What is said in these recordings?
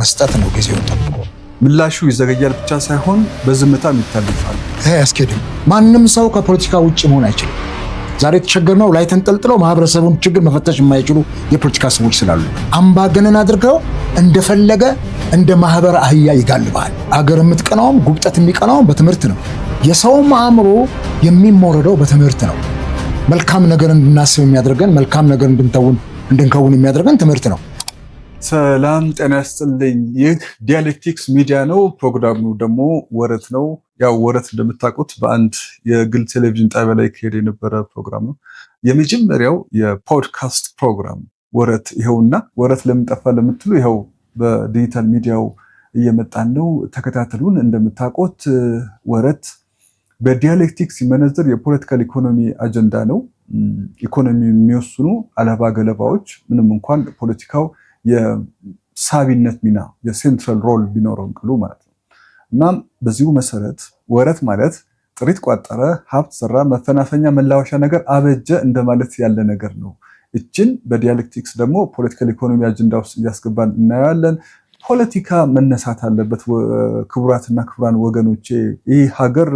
መስጠት ነው ጊዜውን ጠብቆ ምላሹ ይዘገያል ብቻ ሳይሆን በዝምታም ይታለፋል። ይሄ አያስኬድም። ማንም ሰው ከፖለቲካ ውጭ መሆን አይችልም። ዛሬ የተቸገርነው ላይ ተንጠልጥለው ማህበረሰቡን ችግር መፈተሽ የማይችሉ የፖለቲካ ሰዎች ስላሉ አምባገነን አድርገው እንደፈለገ እንደ ማህበር አህያ ይጋልባል። አገር የምትቀናውም ጉብጠት የሚቀናውም በትምህርት ነው። የሰውም አእምሮ የሚሞረደው በትምህርት ነው። መልካም ነገር እንድናስብ የሚያደርገን መልካም ነገር እንድንተውን እንድንከውን የሚያደርገን ትምህርት ነው። ሰላም ጤና ያስጥልኝ። ይህ ዲያሌክቲክስ ሚዲያ ነው። ፕሮግራሙ ደግሞ ወረት ነው። ያው ወረት እንደምታውቁት በአንድ የግል ቴሌቪዥን ጣቢያ ላይ ከሄደ የነበረ ፕሮግራም ነው። የመጀመሪያው የፖድካስት ፕሮግራም ወረት ይኸውና። ወረት ለምንጠፋ ለምትሉ ይኸው በዲጂታል ሚዲያው እየመጣን ነው። ተከታተሉን። እንደምታውቁት ወረት በዲያሌክቲክስ ሲመነዘር የፖለቲካል ኢኮኖሚ አጀንዳ ነው። ኢኮኖሚ የሚወስኑ አለባ ገለባዎች ምንም እንኳን ፖለቲካው የሳቢነት ሚና የሴንትራል ሮል ቢኖረው እንቅሉ ማለት ነው። እናም በዚሁ መሰረት ወረት ማለት ጥሪት ቋጠረ፣ ሀብት ሰራ፣ መፈናፈኛ መላወሻ ነገር አበጀ እንደማለት ያለ ነገር ነው። እችን በዲያሌክቲክስ ደግሞ ፖለቲካል ኢኮኖሚ አጀንዳ ውስጥ እያስገባን እናየዋለን። ፖለቲካ መነሳት አለበት። ክቡራትና ክቡራን ወገኖቼ ይህ ሀገር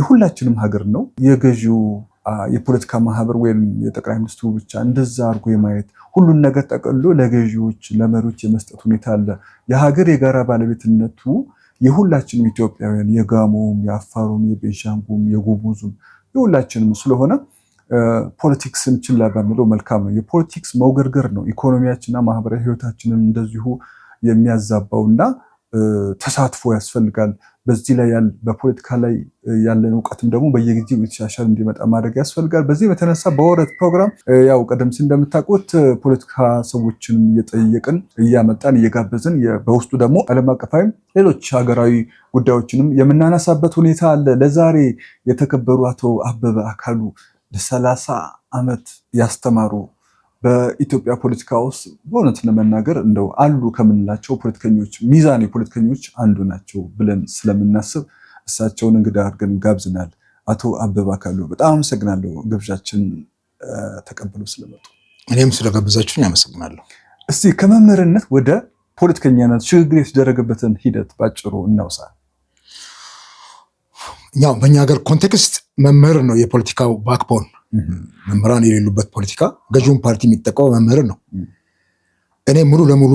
የሁላችንም ሀገር ነው። የገዢው የፖለቲካ ማህበር ወይም የጠቅላይ ሚኒስትሩ ብቻ እንደዛ አድርጎ የማየት ሁሉን ነገር ጠቅሎ ለገዢዎች ለመሪዎች የመስጠት ሁኔታ አለ። የሀገር የጋራ ባለቤትነቱ የሁላችንም ኢትዮጵያውያን የጋሞም፣ የአፋሩም፣ የቤንሻንጉም፣ የጉሙዙም የሁላችንም ስለሆነ ፖለቲክስን ችላ ባንለው መልካም ነው። የፖለቲክስ መውገርገር ነው ኢኮኖሚያችንና ማህበራዊ ህይወታችንን እንደዚሁ የሚያዛባው እና ተሳትፎ ያስፈልጋል። በዚህ ላይ በፖለቲካ ላይ ያለን እውቀትም ደግሞ በየጊዜው የተሻሻል እንዲመጣ ማድረግ ያስፈልጋል። በዚህ በተነሳ በወረት ፕሮግራም ያው ቀደም ሲል እንደምታውቁት ፖለቲካ ሰዎችንም እየጠየቅን እያመጣን እየጋበዝን በውስጡ ደግሞ ዓለም አቀፋዊም ሌሎች ሀገራዊ ጉዳዮችንም የምናነሳበት ሁኔታ አለ። ለዛሬ የተከበሩ አቶ አበበ አካሉ ለሰላሳ ዓመት ያስተማሩ በኢትዮጵያ ፖለቲካ ውስጥ በእውነት ለመናገር እንደው አሉ ከምንላቸው ፖለቲከኞች ሚዛኔ ፖለቲከኞች አንዱ ናቸው ብለን ስለምናስብ እሳቸውን እንግዳ አድርገን ጋብዝናል። አቶ አበባ ካሉ በጣም አመሰግናለሁ፣ ግብዣችን ተቀብለው ስለመጡ። እኔም ስለጋብዛችሁኝ ያመሰግናለሁ። እስቲ ከመምህርነት ወደ ፖለቲከኛነት ሽግግር የተደረገበትን ሂደት ባጭሩ እናውሳ። ያው በእኛ ሀገር ኮንቴክስት መምህር ነው የፖለቲካው ባክቦን መምህራን የሌሉበት ፖለቲካ ገዥውን ፓርቲ የሚጠቀመው መምህርን ነው። እኔ ሙሉ ለሙሉ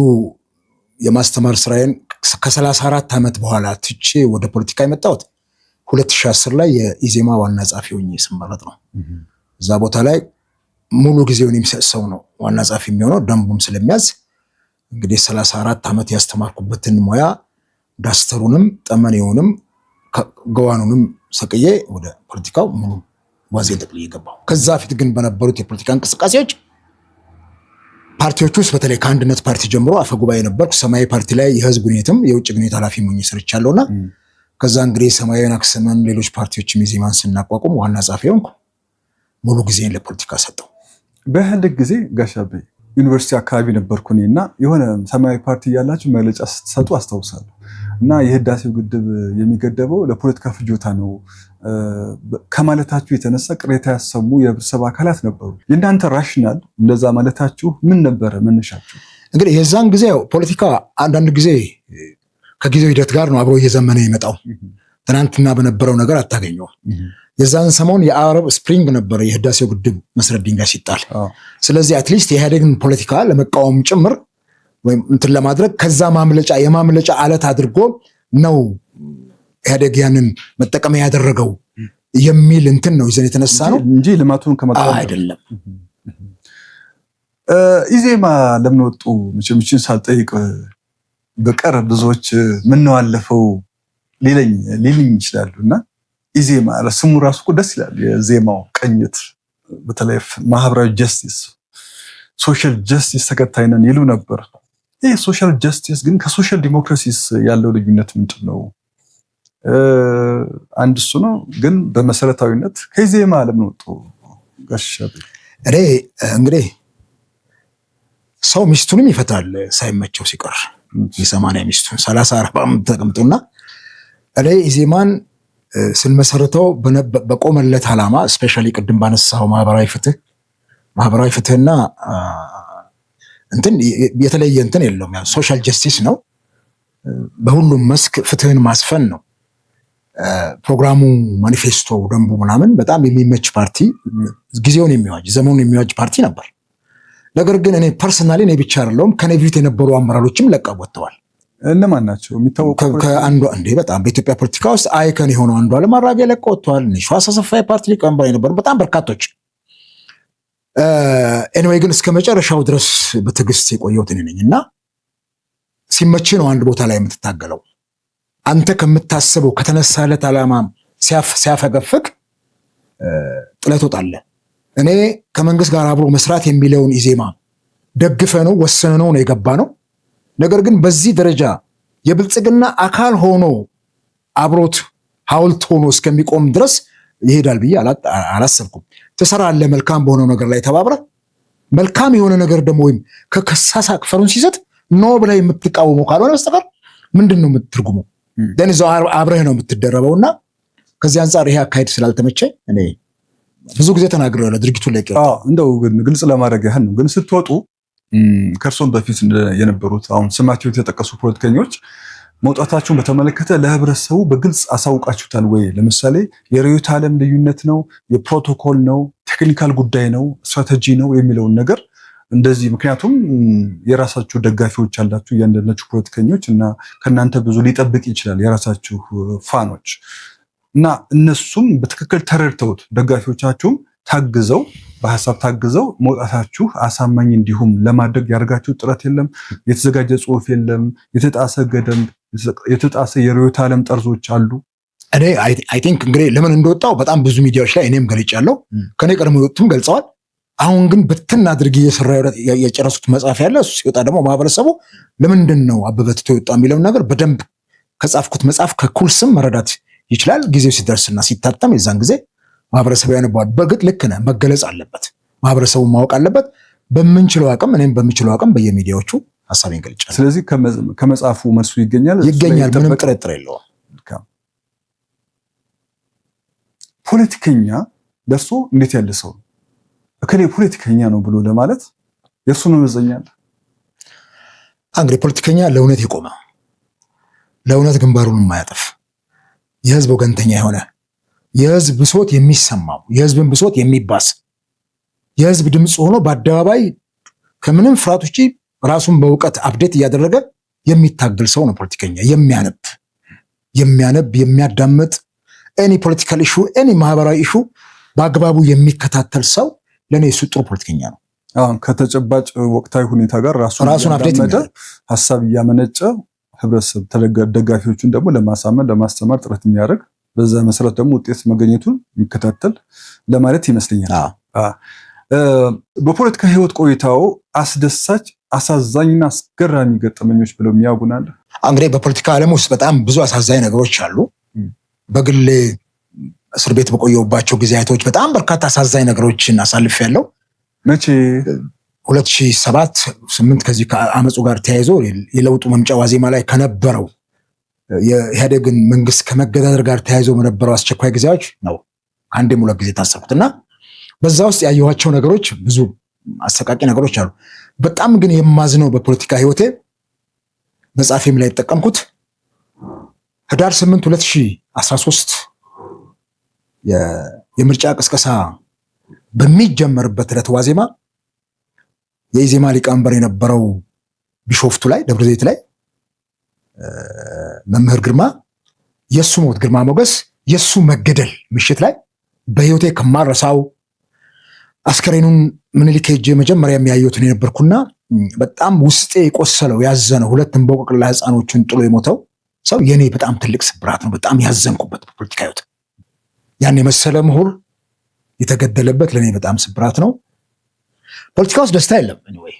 የማስተማር ስራዬን ከሰላሳ አራት ዓመት በኋላ ትቼ ወደ ፖለቲካ የመጣሁት ሁለት አስር ላይ የኢዜማ ዋና ጻፊ ሆኜ ስመረጥ ነው። እዛ ቦታ ላይ ሙሉ ጊዜውን የሚሰጥ ሰው ነው ዋና ጻፊ የሚሆነው ደንቡም ስለሚያዝ እንግዲህ ሰላሳ አራት ዓመት ያስተማርኩበትን ሙያ ዳስተሩንም ጠመኔውንም ገዋኑንም ሰቅዬ ወደ ፖለቲካው ሙሉ ወንዜን ጥቅል እየገባው ከዛ ፊት ግን በነበሩት የፖለቲካ እንቅስቃሴዎች ፓርቲዎች ውስጥ በተለይ ከአንድነት ፓርቲ ጀምሮ አፈጉባኤ ነበርኩ። ሰማያዊ ፓርቲ ላይ የህዝብ ግንኙነትም የውጭ ግንኙነት ኃላፊ ሞኝ ሰርቻለሁና ከዛ እንግዲህ ሰማያዊን አክስመን ሌሎች ፓርቲዎችም የዜማን ስናቋቁም ዋና ጸሐፊ ሆንኩ። ሙሉ ጊዜን ለፖለቲካ ሰጠው። በህልግ ጊዜ ጋሻቤ ዩኒቨርሲቲ አካባቢ ነበርኩ እኔ እና የሆነ ሰማያዊ ፓርቲ እያላችሁ መግለጫ ስትሰጡ አስታውሳለሁ። እና የህዳሴው ግድብ የሚገደበው ለፖለቲካ ፍጆታ ነው ከማለታችሁ የተነሳ ቅሬታ ያሰሙ የህብረተሰብ አካላት ነበሩ። የእናንተ ራሽናል እንደዛ ማለታችሁ ምን ነበረ መነሻችሁ? እንግዲህ የዛን ጊዜ ፖለቲካ አንዳንድ ጊዜ ከጊዜው ሂደት ጋር ነው አብሮ እየዘመነ የመጣው። ትናንትና በነበረው ነገር አታገኘው። የዛን ሰሞን የአረብ ስፕሪንግ ነበረ የህዳሴው ግድብ መሰረት ድንጋይ ሲጣል። ስለዚህ አትሊስት የኢህአዴግን ፖለቲካ ለመቃወም ጭምር ወይም እንትን ለማድረግ ከዛ ማምለጫ የማምለጫ አለት አድርጎ ነው ኢህአዴግ ያንን መጠቀሚያ ያደረገው የሚል እንትን ነው ይዘን የተነሳ ነው እንጂ ልማቱን ከመቃወም አይደለም። ኢዜማ ለምን ወጡ? መቼም ሳልጠይቅ በቀር ብዙዎች ምነው አለፈው ሊለኝ ይችላሉ እና ኢዜማ ስሙ ራሱ እኮ ደስ ይላል። የዜማው ቅኝት በተለይ ማህበራዊ ጀስቲስ፣ ሶሻል ጀስቲስ ተከታይነን ይሉ ነበር። ይህ ሶሻል ጀስቲስ ግን ከሶሻል ዲሞክራሲስ ያለው ልዩነት ምንድን ነው? አንድ እሱ ነው። ግን በመሰረታዊነት ከኢዜማ ለምን ወጡ? ጋሻ እንግዲህ ሰው ሚስቱንም ይፈታል ሳይመቸው ሲቀር የሰማንያ ሚስቱን ሰላሳ አርባ ተቀምጡና እኔ ኢዜማን ስንመሰርተው በቆመለት ዓላማ እስፔሻሊ ቅድም ባነሳው ማህበራዊ ፍትህ ማህበራዊ ፍትህና እንትን የተለየ እንትን የለውም። ያው ሶሻል ጀስቲስ ነው። በሁሉም መስክ ፍትህን ማስፈን ነው። ፕሮግራሙ፣ ማኒፌስቶ፣ ደንቡ ምናምን በጣም የሚመች ፓርቲ ጊዜውን የሚዋጅ ዘመኑን የሚዋጅ ፓርቲ ነበር። ነገር ግን እኔ ፐርሰናሊ እኔ ብቻ አይደለውም ከኔ ፊት የነበሩ አመራሮችም ለቀው ወጥተዋል። እነማን ናቸው የሚታወቁ? ከአንዷ እንዴ በጣም በኢትዮጵያ ፖለቲካ ውስጥ አይከን የሆነው አንዷለም አራጌ ለቀው ወጥተዋል። ነሸዋስ አሰፋ የፓርቲ ሊቀመንበር የነበሩ በጣም በርካቶች። ኤኒዌይ ግን እስከ መጨረሻው ድረስ በትዕግስት የቆየሁት እኔ ነኝ እና ሲመች ነው አንድ ቦታ ላይ የምትታገለው አንተ ከምታስበው ከተነሳለት ዓላማ ሲያፈገፍግ ጥለት ወጣለህ። እኔ ከመንግስት ጋር አብሮ መስራት የሚለውን ኢዜማ ደግፈ ነው ወሰነ ነው ነው የገባ ነው ነገር ግን በዚህ ደረጃ የብልጽግና አካል ሆኖ አብሮት ሐውልት ሆኖ እስከሚቆም ድረስ ይሄዳል ብዬ አላሰብኩም። ትሰራለህ መልካም በሆነው ነገር ላይ ተባብረ መልካም የሆነ ነገር ደግሞ ወይም ከከሳሳ ቅፈሩን ሲሰጥ ኖ ብላ የምትቃወመው ካልሆነ በስተቀር ምንድን ነው የምትርጉመው? ደን እዛው አብረህ ነው የምትደረበው። እና ከዚህ አንጻር ይሄ አካሄድ ስላልተመቸኝ እኔ ብዙ ጊዜ ተናግረ ድርጅቱን ላይ እንደው ግልጽ ለማድረግ ያህል ነው። ግን ስትወጡ ከእርሶን በፊት የነበሩት አሁን ስማቸው የተጠቀሱ ፖለቲከኞች መውጣታቸውን በተመለከተ ለህብረተሰቡ በግልጽ አሳውቃችሁታል ወይ? ለምሳሌ የርዕዮተ ዓለም ልዩነት ነው፣ የፕሮቶኮል ነው፣ ቴክኒካል ጉዳይ ነው፣ ስትራቴጂ ነው የሚለውን ነገር እንደዚህ ምክንያቱም የራሳችሁ ደጋፊዎች አላችሁ፣ እያንዳንዳችሁ ፖለቲከኞች እና ከእናንተ ብዙ ሊጠብቅ ይችላል የራሳችሁ ፋኖች እና እነሱም በትክክል ተረድተውት ደጋፊዎቻችሁም ታግዘው በሀሳብ ታግዘው መውጣታችሁ አሳማኝ እንዲሁም ለማድረግ ያደርጋችሁ ጥረት የለም፣ የተዘጋጀ ጽሁፍ የለም፣ የተጣሰ ገደብ፣ የተጣሰ የርዕዮተ ዓለም ጠርዞች አሉ። እኔ አይ ቲንክ እንግዲህ ለምን እንደወጣው በጣም ብዙ ሚዲያዎች ላይ እኔም ገልጫለሁ፣ ከኔ ቀድሞ የወጡትም ገልጸዋል። አሁን ግን ብትን አድርግ እየሰራ የጨረሱት መጽሐፍ ያለ እሱ ሲወጣ ደግሞ ማህበረሰቡ ለምንድን ነው አበበ ትቶ የወጣ የሚለውን ነገር በደንብ ከጻፍኩት መጽሐፍ ከኩል ስም መረዳት ይችላል። ጊዜው ሲደርስና ሲታተም የዛን ጊዜ ማህበረሰብ ያነባዋል። በግጥ ልክ ነህ፣ መገለጽ አለበት። ማህበረሰቡ ማወቅ አለበት። በምንችለው አቅም እኔም በምችለው አቅም በየሚዲያዎቹ ሀሳቤን ገልጫ። ስለዚህ ከመጽሐፉ መልሱ ይገኛል ይገኛል፣ ምንም ጥርጥር የለውም። ፖለቲከኛ ለእርሶ እንዴት ያለ ሰው ነው? እከሌ ፖለቲከኛ ነው ብሎ ለማለት የእርሱ መመዘኛ አለ? እንግዲህ ፖለቲከኛ ለእውነት የቆመ ለእውነት ግንባሩን የማያጠፍ የህዝብ ወገንተኛ የሆነ የህዝብ ብሶት የሚሰማው የህዝብን ብሶት የሚባስ የህዝብ ድምፅ ሆኖ በአደባባይ ከምንም ፍርሃት ውጭ ራሱን በእውቀት አብዴት እያደረገ የሚታገል ሰው ነው ፖለቲከኛ። የሚያነብ የሚያነብ የሚያዳምጥ ኤኒ ፖለቲካል ኢሹ ኤኒ ማህበራዊ ኢሹ በአግባቡ የሚከታተል ሰው ለእኔ እሱ ጥሩ ፖለቲከኛ ነው። ከተጨባጭ ወቅታዊ ሁኔታ ጋር ራሱን አብዴት ሀሳብ እያመነጨ ህብረተሰብ ደጋፊዎቹን ደግሞ ለማሳመን ለማስተማር ጥረት የሚያደርግ በዛ መሰረት ደግሞ ውጤት መገኘቱን የሚከታተል ለማለት ይመስለኛል። በፖለቲካ ህይወት ቆይታው አስደሳች አሳዛኝና አስገራሚ ገጠመኞች ብለው የሚያውጉናል። እንግዲህ በፖለቲካ ዓለም ውስጥ በጣም ብዙ አሳዛኝ ነገሮች አሉ። በግሌ እስር ቤት በቆየሁባቸው ጊዜያቶች በጣም በርካታ አሳዛኝ ነገሮችን አሳልፍ ያለው መቼ ሁለት ሺህ ሰባት ስምንት ከዚህ ከአመፁ ጋር ተያይዞ የለውጡ መምጫ ዋዜማ ላይ ከነበረው የኢህአዴግን መንግስት ከመገዳደር ጋር ተያይዞ በነበረው አስቸኳይ ጊዜዎች ነው አንዴም ሁለት ጊዜ የታሰቡት እና በዛ ውስጥ ያየኋቸው ነገሮች ብዙ አሰቃቂ ነገሮች አሉ። በጣም ግን የማዝነው በፖለቲካ ህይወቴ መጽሐፌም ላይ የተጠቀምኩት ህዳር 8 2013 የምርጫ ቅስቀሳ በሚጀመርበት ዕለት ዋዜማ የኢዜማ ሊቀመንበር የነበረው ቢሾፍቱ ላይ ደብረ ዘይት ላይ መምህር ግርማ የእሱ ሞት ግርማ ሞገስ የእሱ መገደል ምሽት ላይ በህይወቴ ከማረሳው አስከሬኑን ምኒልክ ሄጄ መጀመሪያ የነበርኩና በጣም ውስጤ የቆሰለው ያዘነው ሁለት እንቦቆቅላ ህፃኖችን ጥሎ የሞተው ሰው የእኔ በጣም ትልቅ ስብራት ነው። በጣም ያዘንኩበት በፖለቲካ ህይወት ያን የመሰለ ምሁር የተገደለበት ለእኔ በጣም ስብራት ነው። ፖለቲካ ውስጥ ደስታ የለም ወይ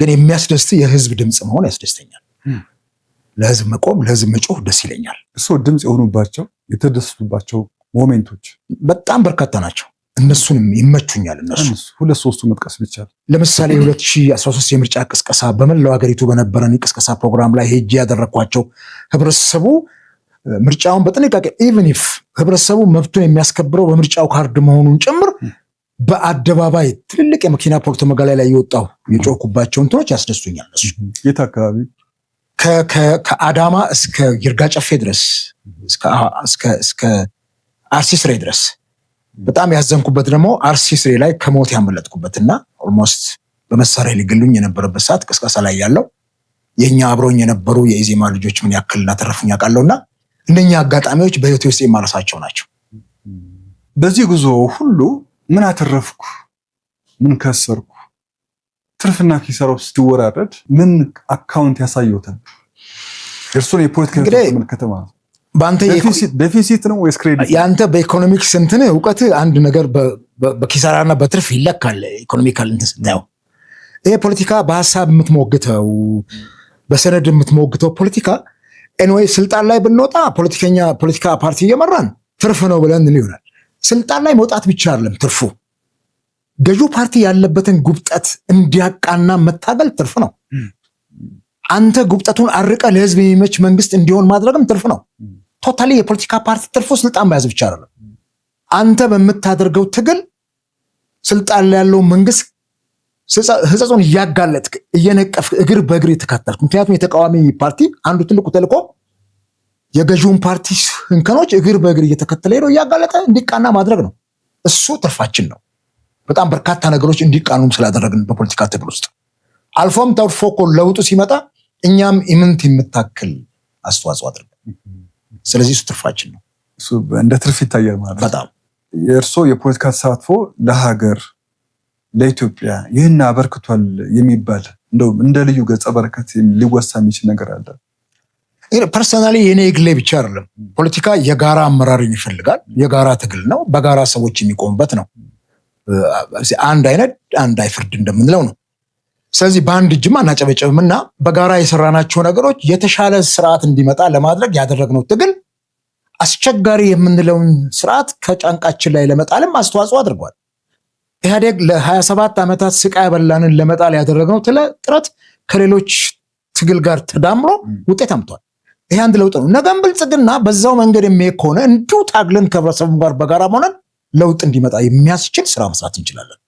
ግን የሚያስደስት የህዝብ ድምፅ መሆን ያስደስተኛል። hmm. ለህዝብ መቆም ለህዝብ መጮህ ደስ ይለኛል። እሱ ድምፅ የሆኑባቸው የተደሰቱባቸው ሞሜንቶች በጣም በርካታ ናቸው። እነሱንም ይመቹኛል። እነሱ ሁለት ሶስቱ መጥቀስ ብቻ ለምሳሌ የ2013 የምርጫ ቅስቀሳ በመላው ሀገሪቱ በነበረን የቅስቀሳ ፕሮግራም ላይ ሄጄ ያደረግኳቸው ህብረተሰቡ ምርጫውን በጥንቃቄ ኢቨን ኢፍ ህብረተሰቡ መብቱን የሚያስከብረው በምርጫው ካርድ መሆኑን ጭምር በአደባባይ ትልልቅ የመኪና ፖርቶ መጋላይ ላይ የወጣው የጮኩባቸው እንትኖች ያስደሱኛል። እነሱ የት አካባቢ ከአዳማ እስከ ይርጋ ጨፌ ድረስ እስከ አርሲ ስሬ ድረስ በጣም ያዘንኩበት ደግሞ አርሲ ስሬ ላይ ከሞት ያመለጥኩበት እና ኦልሞስት በመሳሪያ ሊገሉኝ የነበረበት ሰዓት ቅስቀሳ ላይ ያለው የእኛ አብረኝ የነበሩ የኢዜማ ልጆች ምን ያክል እናተረፉኝ አውቃለሁ እና እነኛ አጋጣሚዎች በህይወት ውስጥ የማረሳቸው ናቸው። በዚህ ጉዞ ሁሉ ምን አተረፍኩ፣ ምን ከሰርኩ ትርፍና ኪሳራ ስትወራረድ ምን አካውንት ያሳየውታል? እርሱን የፖለቲካ ተመለከተ ነው። በአንተ ዴፊሲት ነው ወይስ ክሬዲት? የአንተ በኢኮኖሚክስ እንትን እውቀት አንድ ነገር በኪሳራና በትርፍ ይለካል። ኢኮኖሚካል እንትን ስናየው ይሄ ፖለቲካ በሀሳብ የምትሞግተው በሰነድ የምትሞግተው ፖለቲካ ኤንወይ ስልጣን ላይ ብንወጣ ፖለቲከኛ ፖለቲካ ፓርቲ እየመራን ትርፍ ነው ብለን ይሆናል። ስልጣን ላይ መውጣት ብቻ አይደለም ትርፉ ገዢው ፓርቲ ያለበትን ጉብጠት እንዲያቃና መታገል ትርፍ ነው። አንተ ጉብጠቱን አርቀ ለህዝብ የሚመች መንግስት እንዲሆን ማድረግም ትርፍ ነው። ቶታሊ የፖለቲካ ፓርቲ ትርፉ ስልጣን መያዝ ብቻ አይደለም። አንተ በምታደርገው ትግል ስልጣን ላይ ያለው መንግስት ህጸጹን እያጋለጥክ እየነቀፍ እግር በእግር የተካተልክ ምክንያቱም የተቃዋሚ ፓርቲ አንዱ ትልቁ ተልእኮ የገዢውን ፓርቲ እንከኖች እግር በእግር እየተከተለ ሄዶ እያጋለጠ እንዲቃና ማድረግ ነው። እሱ ትርፋችን ነው። በጣም በርካታ ነገሮች እንዲቃኑም ስላደረግን በፖለቲካ ትግል ውስጥ አልፎም ተርፎ እኮ ለውጡ ሲመጣ እኛም ኢምንት የምታክል አስተዋጽኦ አድርገ ስለዚህ እሱ ትርፋችን ነው። እንደ ትርፍ ይታያል ማለት በጣም የእርስዎ የፖለቲካ ተሳትፎ ለሀገር ለኢትዮጵያ ይህን አበርክቷል የሚባል እንደውም እንደ ልዩ ገጸ በረከት ሊወሳ የሚችል ነገር አለ? ፐርሰናሊ የኔ የግሌ ብቻ አይደለም። ፖለቲካ የጋራ አመራርን ይፈልጋል። የጋራ ትግል ነው። በጋራ ሰዎች የሚቆሙበት ነው። አንድ አይነት አንድ አይፍርድ እንደምንለው ነው። ስለዚህ በአንድ እጅም አናጨበጨብም እና በጋራ የሰራናቸው ነገሮች የተሻለ ስርዓት እንዲመጣ ለማድረግ ያደረግነው ትግል አስቸጋሪ የምንለውን ስርዓት ከጫንቃችን ላይ ለመጣልም አስተዋጽኦ አድርጓል። ኢህአዴግ ለ27 ዓመታት ስቃይ ያበላንን ለመጣል ያደረግነው ጥረት ከሌሎች ትግል ጋር ተዳምሮ ውጤት አምቷል። ይሄ አንድ ለውጥ ነው። ነገም ብልጽግና በዛው መንገድ የሚሄድ ከሆነ እንዲሁ ታግለን ከህብረተሰቡ ጋር በጋራ መሆነን ለውጥ እንዲመጣ የሚያስችል ስራ መስራት እንችላለን።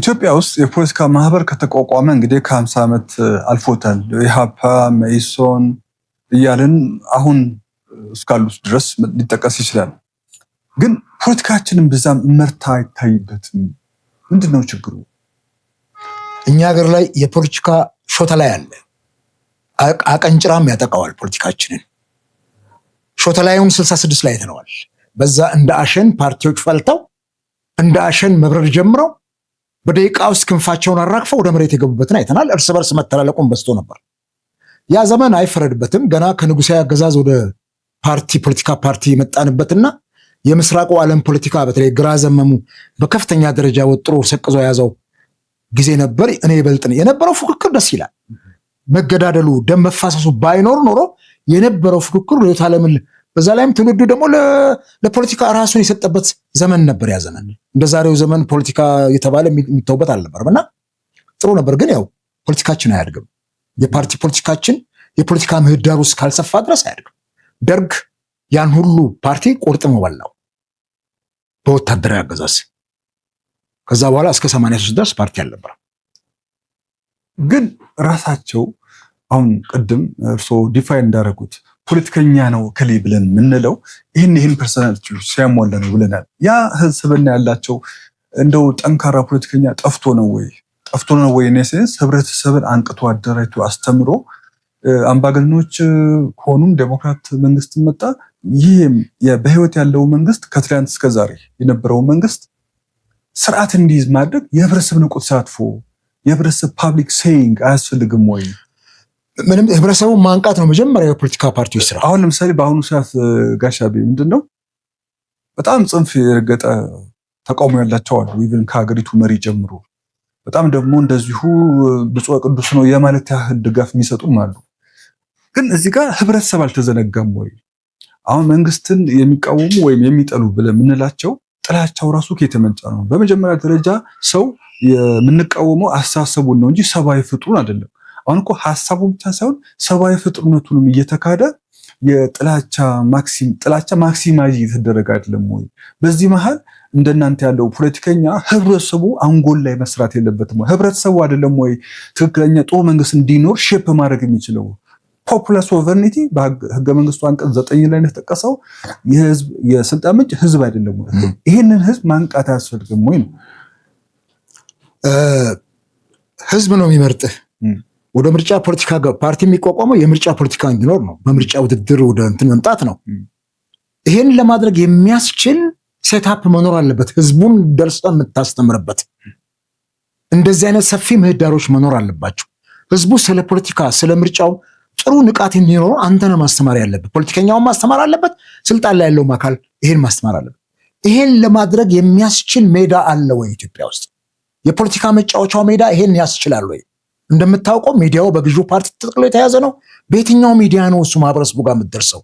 ኢትዮጵያ ውስጥ የፖለቲካ ማህበር ከተቋቋመ እንግዲህ ከሀምሳ ዓመት አልፎታል። የሀፓ መኢሶን እያልን አሁን እስካሉት ድረስ ሊጠቀስ ይችላል። ግን ፖለቲካችንን ብዛም እመርታ አይታይበትም። ምንድን ነው ችግሩ? እኛ ሀገር ላይ የፖለቲካ ሾተ ላይ አለ። አቀንጭራም ያጠቃዋል ፖለቲካችንን። ሾተ ስልሳ ስድስት ላይ ተነዋል። በዛ እንደ አሸን ፓርቲዎች ፈልተው እንደ አሸን መብረር ጀምረው በደቂቃ ውስጥ ክንፋቸውን አራግፈው ወደ መሬት የገቡበትን አይተናል። እርስ በርስ መተላለቁን በዝቶ ነበር። ያ ዘመን አይፈረድበትም። ገና ከንጉሳዊ አገዛዝ ወደ ፓርቲ ፖለቲካ ፓርቲ የመጣንበትና የምስራቁ ዓለም ፖለቲካ በተለይ ግራ ዘመሙ በከፍተኛ ደረጃ ወጥሮ ሰቅዞ የያዘው ጊዜ ነበር። እኔ ይበልጥ የነበረው ፉክክር ደስ ይላል። መገዳደሉ፣ ደም መፋሰሱ ባይኖር ኖሮ የነበረው ፉክክር ሌት ዓለምን በዛ ላይም ትውልዱ ደግሞ ለፖለቲካ ራሱን የሰጠበት ዘመን ነበር። ያ ዘመን እንደ ዛሬው ዘመን ፖለቲካ የተባለ የሚተውበት አልነበረም እና ጥሩ ነበር። ግን ያው ፖለቲካችን አያድግም። የፓርቲ ፖለቲካችን የፖለቲካ ምህዳር ውስጥ ካልሰፋ ድረስ አያድግም። ደርግ ያን ሁሉ ፓርቲ ቆርጥሞ በላው በወታደራዊ አገዛዝ። ከዛ በኋላ እስከ ሰማንያ ድረስ ፓርቲ አልነበረም። ግን ራሳቸው አሁን ቅድም እርስዎ ዲፋይን እንዳደረጉት ፖለቲከኛ ነው ከሌ ብለን የምንለው ይህን ይህን ፐርሰናሊቲ ሲያሟላ ነው ብለናል። ያ ህዝብና ያላቸው እንደው ጠንካራ ፖለቲከኛ ጠፍቶ ነው ወይ ጠፍቶ ነው ወይ? ኔሴንስ ህብረተሰብን አንቅቶ አደራጅቶ አስተምሮ አምባገነኖች ከሆኑም ዴሞክራት መንግስት መጣ። ይህም በህይወት ያለው መንግስት ከትላንት እስከ ዛሬ የነበረው መንግስት ስርዓት እንዲይዝ ማድረግ የህብረተሰብ ንቁ ተሳትፎ የህብረተሰብ ፓብሊክ ሴይንግ አያስፈልግም ወይ? ምንም ህብረተሰቡን ማንቃት ነው መጀመሪያ የፖለቲካ ፓርቲዎች ስራ። አሁን ለምሳሌ በአሁኑ ሰዓት ጋሻቤ ምንድን ነው በጣም ጽንፍ የረገጠ ተቃውሞ ያላቸው አሉ። ኢቨን ከሀገሪቱ መሪ ጀምሮ በጣም ደግሞ እንደዚሁ ብፁዕ ቅዱስ ነው የማለት ያህል ድጋፍ የሚሰጡም አሉ። ግን እዚህ ጋር ህብረተሰብ አልተዘነጋም ወይ? አሁን መንግስትን የሚቃወሙ ወይም የሚጠሉ ብለን የምንላቸው ጥላቻው ራሱ ከየተመንጫ ነው። በመጀመሪያ ደረጃ ሰው የምንቃወመው አስተሳሰቡን ነው እንጂ ሰብአዊ ፍጡን አይደለም። አሁን እኮ ሀሳቡ ብቻ ሳይሆን ሰብአዊ ፍጥሩነቱንም እየተካደ የጥላቻ ማክሲም ጥላቻ ማክሲማይዝ እየተደረገ አይደለም ወይ? በዚህ መሀል እንደናንተ ያለው ፖለቲከኛ ህብረተሰቡ አንጎል ላይ መስራት የለበትም ወይ? ህብረተሰቡ አይደለም ወይ ትክክለኛ ጥሩ መንግስት እንዲኖር ሼፕ ማድረግ የሚችለው? ፖፑላር ሶቨርኒቲ በህገ መንግስቱ አንቀጽ ዘጠኝ ላይ እንደተጠቀሰው የስልጣን ምንጭ ህዝብ አይደለም ወይ? ይህንን ህዝብ ማንቃት አያስፈልግም ወይ ነው ህዝብ ነው የሚመርጥህ ወደ ምርጫ ፖለቲካ ፓርቲ የሚቋቋመው የምርጫ ፖለቲካ እንዲኖር ነው። በምርጫ ውድድር ወደ እንትን መምጣት ነው። ይሄን ለማድረግ የሚያስችል ሴታፕ መኖር አለበት። ህዝቡን ደርሶ የምታስተምርበት እንደዚህ አይነት ሰፊ ምህዳሮች መኖር አለባቸው። ህዝቡ ስለ ፖለቲካ ስለ ምርጫው ጥሩ ንቃት እንዲኖረው አንተነ ማስተማር ያለበት፣ ፖለቲከኛውን ማስተማር አለበት፣ ስልጣን ላይ ያለውም አካል ይሄን ማስተማር አለበት። ይሄን ለማድረግ የሚያስችል ሜዳ አለ ወይ ኢትዮጵያ ውስጥ? የፖለቲካ መጫወቻው ሜዳ ይሄን ያስችላል ወይ? እንደምታውቀው ሚዲያው በግዢው ፓርቲ ተጠቅሎ የተያዘ ነው። በየትኛው ሚዲያ ነው እሱ ማህበረሰቡ ጋር የምትደርሰው?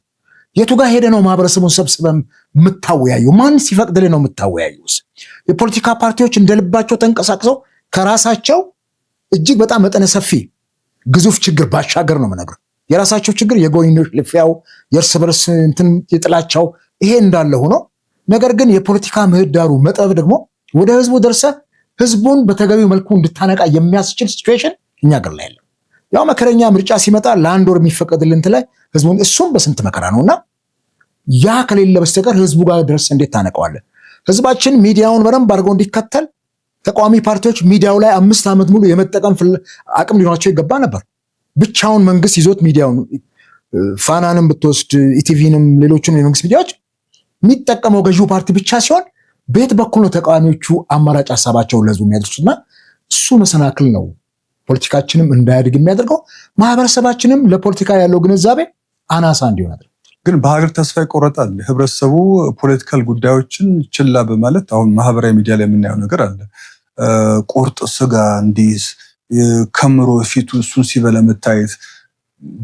የቱ ጋር ሄደ ነው ማህበረሰቡን ሰብስበ የምታወያዩ? ማን ሲፈቅድልህ ነው የምታወያዩ? የፖለቲካ ፓርቲዎች እንደልባቸው ተንቀሳቅሰው ከራሳቸው እጅግ በጣም መጠነ ሰፊ ግዙፍ ችግር ባሻገር ነው ምነግር የራሳቸው ችግር የጎኞች ልፊያው፣ የእርስ በርስ እንትን የጥላቻው ይሄ እንዳለ ሆኖ ነገር ግን የፖለቲካ ምህዳሩ መጠብ ደግሞ ወደ ህዝቡ ደርሰ ህዝቡን በተገቢው መልኩ እንድታነቃ የሚያስችል ሲዌሽን? እኛ ገር ላይ ያለው ያው መከረኛ ምርጫ ሲመጣ ለአንድ ወር የሚፈቀድልን ትለ ህዝቡን እሱም በስንት መከራ ነውና ያ ከሌለ በስተቀር ህዝቡ ጋር ድረስ እንዴት ታነቀዋለን? ህዝባችን ሚዲያውን በደንብ አድርገው እንዲከተል ተቃዋሚ ፓርቲዎች ሚዲያው ላይ አምስት ዓመት ሙሉ የመጠቀም አቅም ሊኖራቸው ይገባ ነበር። ብቻውን መንግስት ይዞት ሚዲያውን ፋናንም ብትወስድ ኢቲቪንም፣ ሌሎችን የመንግስት ሚዲያዎች የሚጠቀመው ገዢው ፓርቲ ብቻ ሲሆን በየት በኩል ነው ተቃዋሚዎቹ አማራጭ ሀሳባቸውን ለህዝቡ የሚያደርሱትና እሱ መሰናክል ነው። ፖለቲካችንም እንዳያድግ የሚያደርገው ማህበረሰባችንም ለፖለቲካ ያለው ግንዛቤ አናሳ እንዲሆን አድርገው ግን በሀገር ተስፋ ይቆረጣል። ህብረተሰቡ ፖለቲካል ጉዳዮችን ችላ በማለት አሁን ማህበራዊ ሚዲያ ላይ የምናየው ነገር አለ። ቁርጥ ስጋ እንዲይዝ ከምሮ ፊቱ እሱን ሲበላ መታየት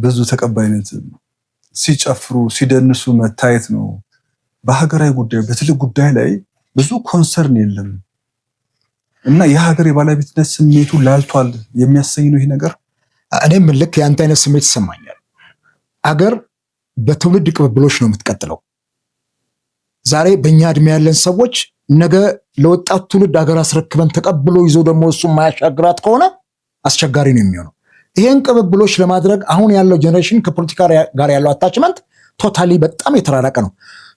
ብዙ ተቀባይነት፣ ሲጨፍሩ ሲደንሱ መታየት ነው። በሀገራዊ ጉዳይ በትልቅ ጉዳይ ላይ ብዙ ኮንሰርን የለም። እና የሀገር የባለቤትነት ስሜቱ ላልቷል የሚያሰኝ ነው ይህ ነገር። እኔም ልክ የአንተ አይነት ስሜት ይሰማኛል። አገር በትውልድ ቅብብሎች ነው የምትቀጥለው። ዛሬ በእኛ እድሜ ያለን ሰዎች ነገ ለወጣት ትውልድ ሀገር አስረክበን ተቀብሎ ይዞ ደግሞ እሱ የማያሻግራት ከሆነ አስቸጋሪ ነው የሚሆነው። ይህን ቅብብሎች ለማድረግ አሁን ያለው ጀኔሬሽን ከፖለቲካ ጋር ያለው አታችመንት ቶታሊ በጣም የተራራቀ ነው።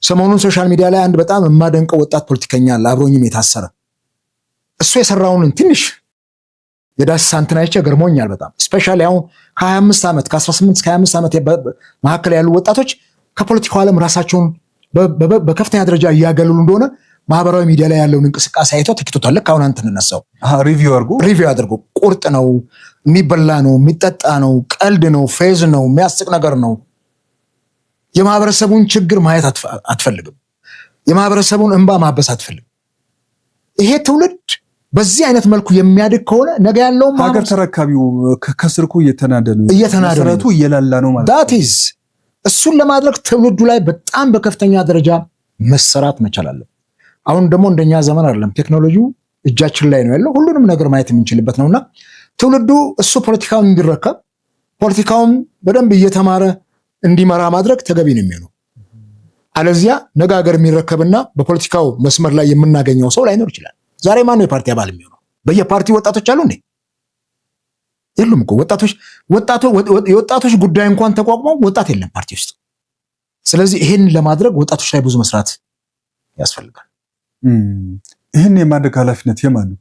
ሰሞኑን ሶሻል ሚዲያ ላይ አንድ በጣም የማደንቀው ወጣት ፖለቲከኛ አለ፣ አብሮኝም የታሰረ እሱ የሰራውን ትንሽ የዳስ ሳንትን አይቼ ገርሞኛል በጣም ስፔሻሊ አሁን ከ25 ዓመት ከ18 እስከ 25 ዓመት መካከል ያሉ ወጣቶች ከፖለቲካው ዓለም ራሳቸውን በከፍተኛ ደረጃ እያገለሉ እንደሆነ ማህበራዊ ሚዲያ ላይ ያለውን እንቅስቃሴ አይተው ተኪቶታል። ልክ አሁን አንተ ሪቪው አድርጎ ሪቪው ቁርጥ ነው፣ የሚበላ ነው፣ የሚጠጣ ነው፣ ቀልድ ነው፣ ፌዝ ነው፣ የሚያስቅ ነገር ነው። የማህበረሰቡን ችግር ማየት አትፈልግም። የማህበረሰቡን እንባ ማበስ አትፈልግም። ይሄ ትውልድ በዚህ አይነት መልኩ የሚያድግ ከሆነ ነገ ያለውም ሀገር ተረካቢው ከስርኩ እየተናደ ነው እየላላ ነው ማለት ዝ እሱን ለማድረግ ትውልዱ ላይ በጣም በከፍተኛ ደረጃ መሰራት መቻል አለ። አሁን ደግሞ እንደኛ ዘመን አይደለም፣ ቴክኖሎጂው እጃችን ላይ ነው ያለው። ሁሉንም ነገር ማየት የምንችልበት ነውና ትውልዱ እሱ ፖለቲካውን እንዲረከብ ፖለቲካውን በደንብ እየተማረ እንዲመራ ማድረግ ተገቢ ነው የሚሆነው። አለዚያ ነገ ሀገር የሚረከብና በፖለቲካው መስመር ላይ የምናገኘው ሰው ላይኖር ይችላል። ዛሬ ማነው የፓርቲ አባል የሚሆነው? በየፓርቲው ወጣቶች አሉ እንዴ? የሉም እኮ ወጣቶች። የወጣቶች ጉዳይ እንኳን ተቋቁመው ወጣት የለም ፓርቲ ውስጥ። ስለዚህ ይህን ለማድረግ ወጣቶች ላይ ብዙ መስራት ያስፈልጋል። ይህን የማድረግ ኃላፊነት የማን ነው?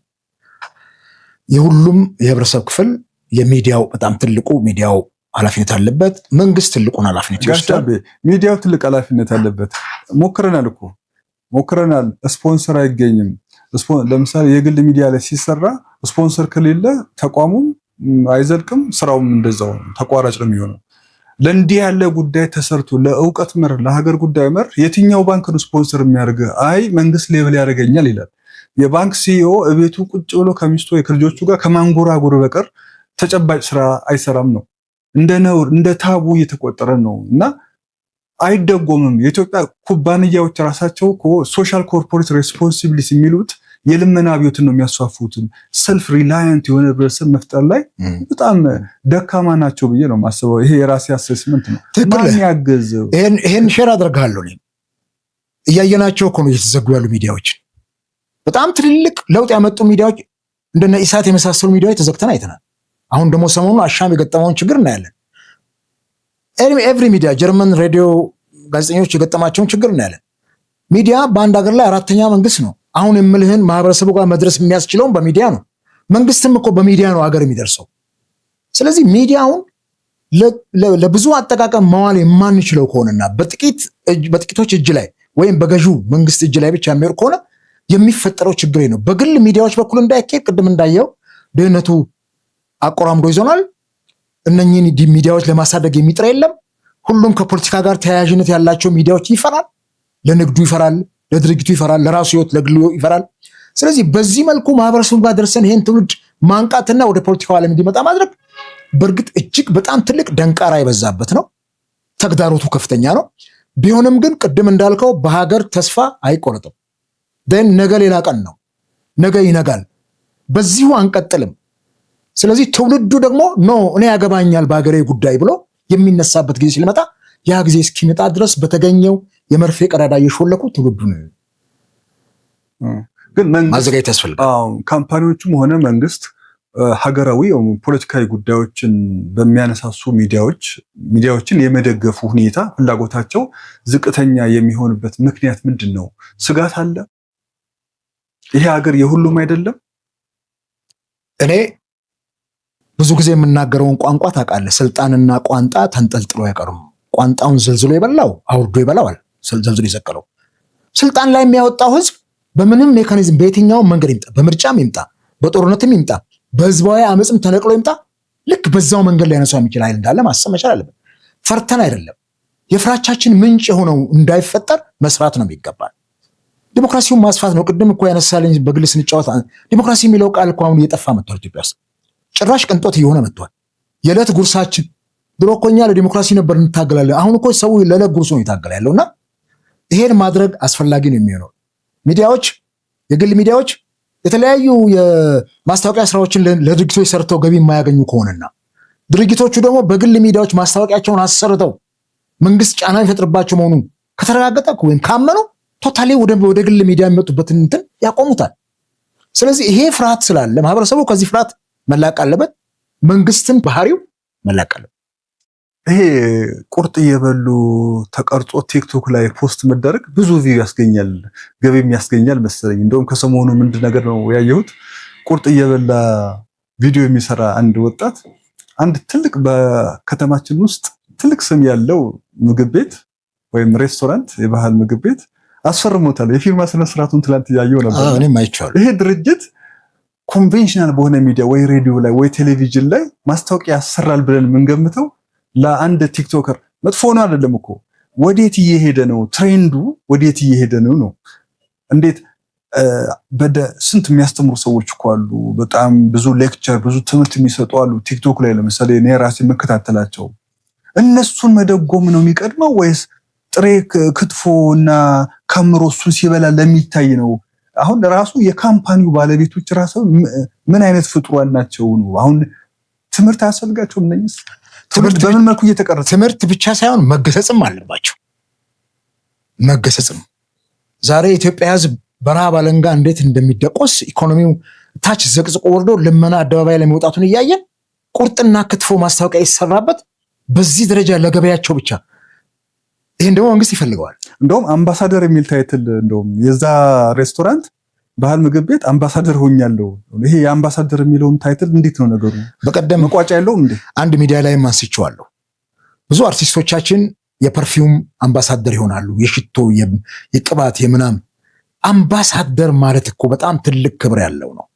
የሁሉም የህብረተሰብ ክፍል የሚዲያው በጣም ትልቁ ሚዲያው ኃላፊነት አለበት። መንግስት ትልቁን ኃላፊነት ይወስዳል። ሚዲያው ትልቅ ኃላፊነት አለበት። ሞክረናል እኮ ሞክረናል። ስፖንሰር አይገኝም ለምሳሌ የግል ሚዲያ ላይ ሲሰራ ስፖንሰር ከሌለ ተቋሙም አይዘልቅም፣ ስራውም እንደዛው ተቋራጭ ነው የሚሆነው። ለእንዲህ ያለ ጉዳይ ተሰርቶ ለእውቀት መር ለሀገር ጉዳይ መር የትኛው ባንክ ነው ስፖንሰር የሚያደርገ? አይ መንግስት ሌብል ያደርገኛል ይላል። የባንክ ሲኢኦ እቤቱ ቁጭ ብሎ ከሚስቶ ከልጆቹ ጋር ከማንጎራጉር በቀር ተጨባጭ ስራ አይሰራም ነው እንደ ነውር እንደ ታቡ እየተቆጠረ ነው እና አይደጎምም። የኢትዮጵያ ኩባንያዎች ራሳቸው ሶሻል ኮርፖሬት ሬስፖንሲቢሊቲ የሚሉት የልመና ቢዮትን ነው የሚያስፋፉትን ሰልፍ ሪላያንት የሆነ ህብረተሰብ መፍጠር ላይ በጣም ደካማ ናቸው ብዬ ነው ማስበው። ይሄ የራሴ አሴስመንት ነው። ማን ያገዘው? ይሄን ሼር አደርጋለሁ። እያየናቸው እኮ ነው እየተዘጉ ያሉ ሚዲያዎችን። በጣም ትልልቅ ለውጥ ያመጡ ሚዲያዎች እንደነ ኢሳት የመሳሰሉ ሚዲያዎች ተዘግተን አይተናል። አሁን ደግሞ ሰሞኑ አሻም የገጠመውን ችግር እናያለን። ኤቭሪ ሚዲያ ጀርመን ሬዲዮ ጋዜጠኞች የገጠማቸውን ችግር እናያለን። ሚዲያ በአንድ ሀገር ላይ አራተኛ መንግስት ነው። አሁን የምልህን ማህበረሰቡ ጋር መድረስ የሚያስችለውን በሚዲያ ነው። መንግስትም እኮ በሚዲያ ነው አገር የሚደርሰው። ስለዚህ ሚዲያውን ለብዙ አጠቃቀም መዋል የማንችለው ከሆነና በጥቂቶች እጅ ላይ ወይም በገዢው መንግስት እጅ ላይ ብቻ የሚወር ከሆነ የሚፈጠረው ችግር ነው። በግል ሚዲያዎች በኩል እንዳይካሄድ ቅድም እንዳየው ድህነቱ አቆራምዶ ይዞናል። እነኚህን ሚዲያዎች ለማሳደግ የሚጥር የለም። ሁሉም ከፖለቲካ ጋር ተያያዥነት ያላቸው ሚዲያዎች ይፈራል፣ ለንግዱ ይፈራል፣ ለድርጅቱ ይፈራል፣ ለራሱ ህይወት፣ ለግሉ ይፈራል። ስለዚህ በዚህ መልኩ ማህበረሰቡ ጋር ደርሰን ይህን ትውልድ ማንቃትና ወደ ፖለቲካው ዓለም እንዲመጣ ማድረግ በእርግጥ እጅግ በጣም ትልቅ ደንቃራ የበዛበት ነው። ተግዳሮቱ ከፍተኛ ነው። ቢሆንም ግን ቅድም እንዳልከው በሀገር ተስፋ አይቆረጥም። ደን ነገ ሌላ ቀን ነው፣ ነገ ይነጋል። በዚሁ አንቀጥልም። ስለዚህ ትውልዱ ደግሞ ኖ እኔ ያገባኛል በሀገሬ ጉዳይ ብሎ የሚነሳበት ጊዜ ሲልመጣ ያ ጊዜ እስኪመጣ ድረስ በተገኘው የመርፌ ቀዳዳ እየሾለኩ ትውልዱን ግን ማዘጋጀት ያስፈልጋል። ካምፓኒዎቹም ሆነ መንግስት ሀገራዊ ፖለቲካዊ ጉዳዮችን በሚያነሳሱ ሚዲያዎች ሚዲያዎችን የመደገፉ ሁኔታ ፍላጎታቸው ዝቅተኛ የሚሆንበት ምክንያት ምንድን ነው? ስጋት አለ። ይሄ ሀገር የሁሉም አይደለም። እኔ ብዙ ጊዜ የምናገረውን ቋንቋ ታውቃለህ። ስልጣንና ቋንጣ ተንጠልጥሎ አይቀሩም። ቋንጣውን ዘልዝሎ ይበላው አውርዶ ይበላዋል። ዘብዝን የሰቀለው። ስልጣን ላይ የሚያወጣው ህዝብ በምንም ሜካኒዝም በየትኛውም መንገድ ይምጣ፣ በምርጫም ይምጣ፣ በጦርነትም ይምጣ፣ በህዝባዊ አመፅም ተነቅሎ ይምጣ፣ ልክ በዛው መንገድ ላይ ያነሳው የሚችል ኃይል እንዳለ ማሰብ መቻል አለብን። ፈርተን አይደለም። የፍራቻችን ምንጭ የሆነው እንዳይፈጠር መስራት ነው የሚገባል። ዲሞክራሲውን ማስፋት ነው። ቅድም እኮ ያነሳልኝ በግል ስንጫወት ዲሞክራሲ የሚለው ቃል እኮ አሁን እየጠፋ መጥቷል። ኢትዮጵያ ውስጥ ጭራሽ ቅንጦት እየሆነ መጥቷል። የዕለት ጉርሳችን ድሮ እኮ እኛ ለዲሞክራሲ ነበር እንታገላለን። አሁን እኮ ሰው ለዕለት ጉርሱ ነው ይታገላ ያለውና ይሄን ማድረግ አስፈላጊ ነው የሚሆነው። ሚዲያዎች፣ የግል ሚዲያዎች የተለያዩ የማስታወቂያ ስራዎችን ለድርጅቶች ሰርተው ገቢ የማያገኙ ከሆነና ድርጅቶቹ ደግሞ በግል ሚዲያዎች ማስታወቂያቸውን አሰርተው መንግስት ጫና የሚፈጥርባቸው መሆኑ ከተረጋገጠ ወይም ካመኑ ቶታሊ ወደ ግል ሚዲያ የሚመጡበትን እንትን ያቆሙታል። ስለዚህ ይሄ ፍርሃት ስላለ ማህበረሰቡ ከዚህ ፍርሃት መላቅ አለበት። መንግስትን ባህሪው መላቅ አለበት። ይሄ ቁርጥ እየበሉ ተቀርጾ ቲክቶክ ላይ ፖስት መደረግ ብዙ ቪው ያስገኛል፣ ገቢም ያስገኛል መሰለኝ። እንደውም ከሰሞኑ ምንድ ነገር ነው ያየሁት፣ ቁርጥ እየበላ ቪዲዮ የሚሰራ አንድ ወጣት አንድ ትልቅ በከተማችን ውስጥ ትልቅ ስም ያለው ምግብ ቤት ወይም ሬስቶራንት፣ የባህል ምግብ ቤት አስፈርሞታል። የፊርማ ስነስርዓቱን ትላንት እያየው ነበር። ይሄ ድርጅት ኮንቬንሽናል በሆነ ሚዲያ ወይ ሬዲዮ ላይ ወይ ቴሌቪዥን ላይ ማስታወቂያ ያሰራል ብለን የምንገምተው ለአንድ ቲክቶከር መጥፎ ነው አይደለም እኮ ወዴት እየሄደ ነው? ትሬንዱ ወዴት እየሄደ ነው ነው እንዴት በደ ስንት የሚያስተምሩ ሰዎች እኮ አሉ። በጣም ብዙ ሌክቸር፣ ብዙ ትምህርት የሚሰጡ አሉ። ቲክቶክ ላይ ለምሳሌ እኔ ራሴ የምከታተላቸው እነሱን መደጎም ነው የሚቀድመው ወይስ ጥሬ ክትፎ እና ከምሮ እሱን ሲበላ ለሚታይ ነው? አሁን ራሱ የካምፓኒው ባለቤቶች ራሰው ምን አይነት ፍጡራን ናቸው ነው? አሁን ትምህርት አያስፈልጋቸውም ነኝስ? ትምህርት በምን መልኩ እየተቀረጸ ትምህርት ብቻ ሳይሆን መገሰጽም አለባቸው። መገሰጽም ዛሬ ኢትዮጵያ ህዝብ በረሃብ አለንጋ እንዴት እንደሚደቆስ ኢኮኖሚው ታች ዘቅዝቆ ወርዶ ልመና አደባባይ ላይ መውጣቱን እያየን ቁርጥና ክትፎ ማስታወቂያ ይሰራበት በዚህ ደረጃ ለገበያቸው ብቻ ይህን ደግሞ መንግስት ይፈልገዋል። እንደውም አምባሳደር የሚል ታይትል እንደውም የዛ ሬስቶራንት ባህል ምግብ ቤት አምባሳደር ሆኛለሁ። ይሄ የአምባሳደር የሚለውን ታይትል እንዴት ነው ነገሩ? በቀደም መቋጫ ያለው እንዴ? አንድ ሚዲያ ላይም አንስቼዋለሁ። ብዙ አርቲስቶቻችን የፐርፊውም አምባሳደር ይሆናሉ፣ የሽቶ፣ የቅባት፣ የምናምን። አምባሳደር ማለት እኮ በጣም ትልቅ ክብር ያለው ነው።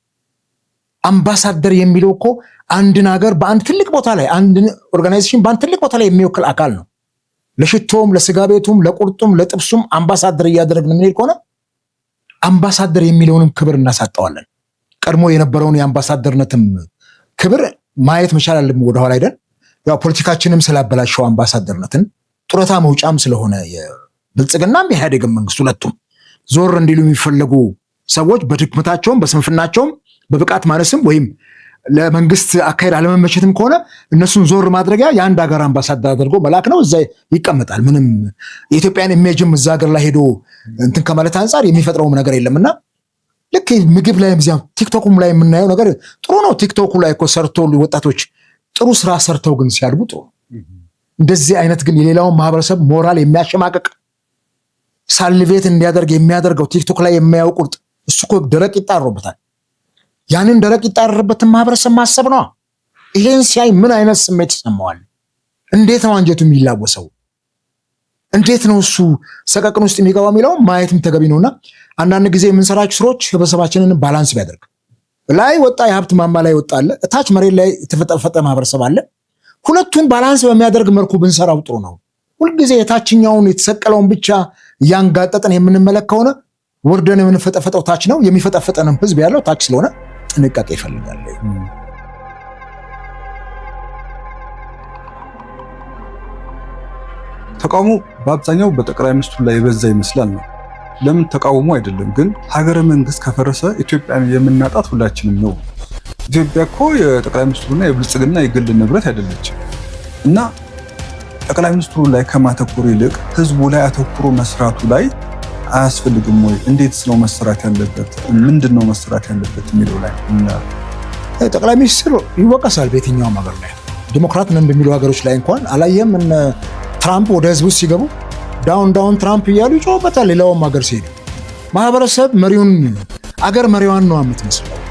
አምባሳደር የሚለው እኮ አንድን ሀገር በአንድ ትልቅ ቦታ ላይ አንድን ኦርጋናይዜሽን በአንድ ትልቅ ቦታ ላይ የሚወክል አካል ነው። ለሽቶም፣ ለስጋ ቤቱም፣ ለቁርጡም፣ ለጥብሱም አምባሳደር እያደረግን የምንል ከሆነ አምባሳደር የሚለውንም ክብር እናሳጠዋለን። ቀድሞ የነበረውን የአምባሳደርነትም ክብር ማየት መቻል አለብን። ወደኋላ ሄደን ያው ፖለቲካችንም ስላበላሸው አምባሳደርነትን ጡረታ መውጫም ስለሆነ የብልጽግናም የኢህአዴግን መንግስት ሁለቱም ዞር እንዲሉ የሚፈለጉ ሰዎች በድክመታቸውም በስንፍናቸውም በብቃት ማነስም ወይም ለመንግስት አካሄድ አለመመቸትም ከሆነ እነሱን ዞር ማድረጊያ የአንድ ሀገር አምባሳደር አድርጎ መላክ ነው። እዛ ይቀመጣል። ምንም የኢትዮጵያን ኢሜጅም እዛ ሀገር ላይ ሄዶ እንትን ከማለት አንጻር የሚፈጥረውም ነገር የለም እና ልክ ምግብ ላይ ዚያ ቲክቶኩም ላይ የምናየው ነገር ጥሩ ነው። ቲክቶኩ ላይ እኮ ሰርቶ ወጣቶች ጥሩ ስራ ሰርተው ግን ሲያድጉ ጥሩ። እንደዚህ አይነት ግን የሌላውን ማህበረሰብ ሞራል የሚያሸማቀቅ ሳልቤት እንዲያደርግ የሚያደርገው ቲክቶክ ላይ የማያውቁት እሱ እኮ ደረቅ ይጣሩበታል። ያንን ደረቅ ይጣረርበትን ማህበረሰብ ማሰብ ነዋ። ይሄን ሲያይ ምን አይነት ስሜት ይሰማዋል? እንዴት ነው አንጀቱ የሚላወሰው? እንዴት ነው እሱ ሰቀቅን ውስጥ የሚገባው የሚለው ማየትም ተገቢ ነውና አንዳንድ ጊዜ የምንሰራቸው ስሮች ህብረተሰባችንን ባላንስ ቢያደርግ ላይ ወጣ የሀብት ማማ ላይ ወጣ አለ፣ እታች መሬት ላይ የተፈጠፈጠ ማህበረሰብ አለ። ሁለቱን ባላንስ በሚያደርግ መልኩ ብንሰራው ጥሩ ነው። ሁልጊዜ የታችኛውን የተሰቀለውን ብቻ እያንጋጠጠን የምንመለክ ከሆነ ወርደን የምንፈጠፈጠው ታች ነው። የሚፈጠፈጠንም ህዝብ ያለው ታች ስለሆነ ጥንቃቄ ይፈልጋል። ተቃውሞ በአብዛኛው በጠቅላይ ሚኒስትሩ ላይ የበዛ ይመስላል ነው። ለምን ተቃውሞ አይደለም ግን ሀገረ መንግስት ከፈረሰ ኢትዮጵያን የምናጣት ሁላችንም ነው። ኢትዮጵያ እኮ የጠቅላይ ሚኒስትሩና የብልጽግና የግል ንብረት አይደለችም እና ጠቅላይ ሚኒስትሩ ላይ ከማተኮር ይልቅ ህዝቡ ላይ አተኩሮ መስራቱ ላይ አያስፈልግም ወይ? እንዴትስ ነው መሰራት ያለበት? ምንድን ነው መሰራት ያለበት የሚለው ላይ ጠቅላይ ሚኒስትር ይወቀሳል። በየትኛውም ሀገር ላይ ዲሞክራት ነን በሚሉ ሀገሮች ላይ እንኳን አላየም። እነ ትራምፕ ወደ ህዝብ ውስጥ ሲገቡ ዳውን ዳውን ትራምፕ እያሉ ይጮህበታል። ሌላውም ሀገር ሲሄዱ ማህበረሰብ መሪውን አገር መሪዋን ነው የምትመስለው።